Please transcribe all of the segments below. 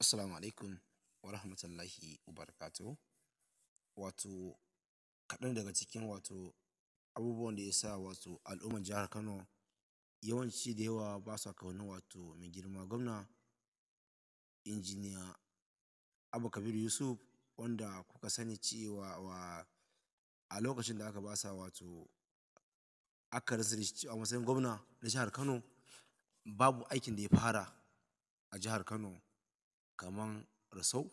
Assalamu alaikum wa rahmatullahi wa barakatu Wato kaɗan daga cikin wato abubuwan da ya sa wato al'umman jihar Kano yawanci da yawa ba sa ƙaunar wato mai girma gwamna injiniya Abu Kabir Yusuf wanda kuka sani cewa wa a lokacin da aka ba sa wato aka rasa a matsayin gwamna na jihar Kano babu aikin da ya fara a jihar Kano. kaman rasau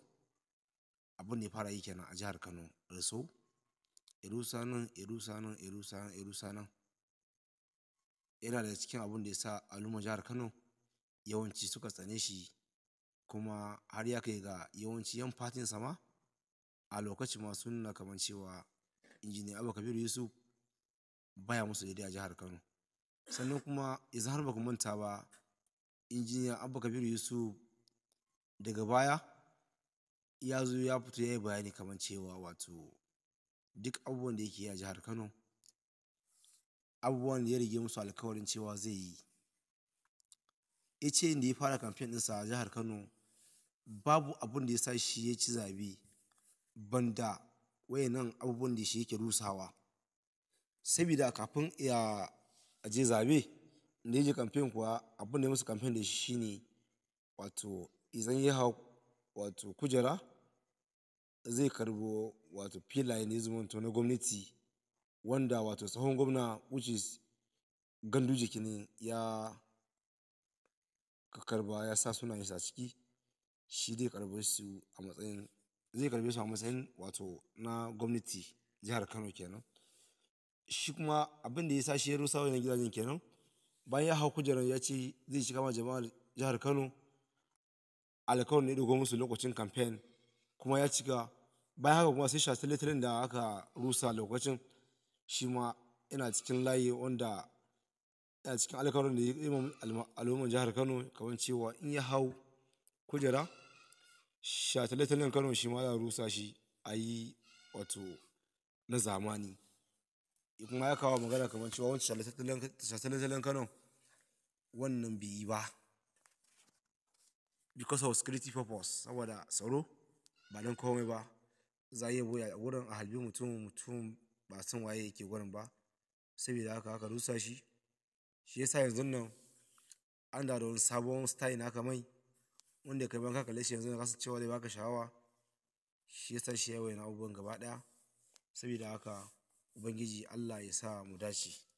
abin da ya fara yi kenan a jihar Kano rasau irusa nan irusa nan irusa nan irusa nan yana daga cikin abin da ya sa al'ummar jihar Kano yawanci suka tsane shi kuma har ya kai ga yawanci yan fatin sama a lokacin ma sun nuna kamar cewa injiniya Abba Kabiru Yusuf baya musu daidai a jihar Kano sannan kuma idan har ku manta ba injiniya Abba Kabiru Yusuf daga baya ya zo ya fito ya yi bayani kamar cewa wato duk abubuwan da yake yi a jihar kano abubuwan da ya rige musu alkawarin cewa zai yi ya ce da ya fara kamfen ɗinsa a jihar kano babu abin da ya sa shi ya ci zabe banda wayannan abubuwan da shi yake rusawa saboda kafin ya je zabe da ya je kamfen kuwa abin da ya musu kamfen da shi shine wato idan ya hau wato kujera zai karbo wato filaye ne zumunto na gwamnati wanda wato tsohon gwamna which is gandu ne ya karba ya sa suna sunayen sa ciki shi dai karbe su a matsayin zai karbe su a matsayin wato na gwamnati jihar Kano kenan shi kuma abin da ya sa shi ya rusa wajen gidajen kenan bayan ya hau kujerar ya ce zai shiga ma jama'ar jihar Kano alkawarin da ya dogo musu lokacin kamfen kuma ya cika bayan haka kuma sai shataletalen da aka rusa lokacin shi ma yana cikin layi wanda yana cikin alkawarin da ya imam al'umman jihar kano kamar cewa in ya hau kujera shataletalen kano shi ma ya rusa shi a yi wato na zamani kuma ya kawo magana kamar cewa wancan shataletalen kano wannan bai yi ba because of security purpose saboda tsaro ba don komai ba za a iya boya a wurin a halbi mutum mutum ba san waye yake wurin ba saboda haka aka rusa shi shi yasa yanzu nan an da wani sabon style na ka mai wanda kai ban ka shi yanzu na kasa cewa zai baka shawawa shi yasa shi yawa yana abubuwan gaba daya saboda haka ubangiji Allah ya sa mu dace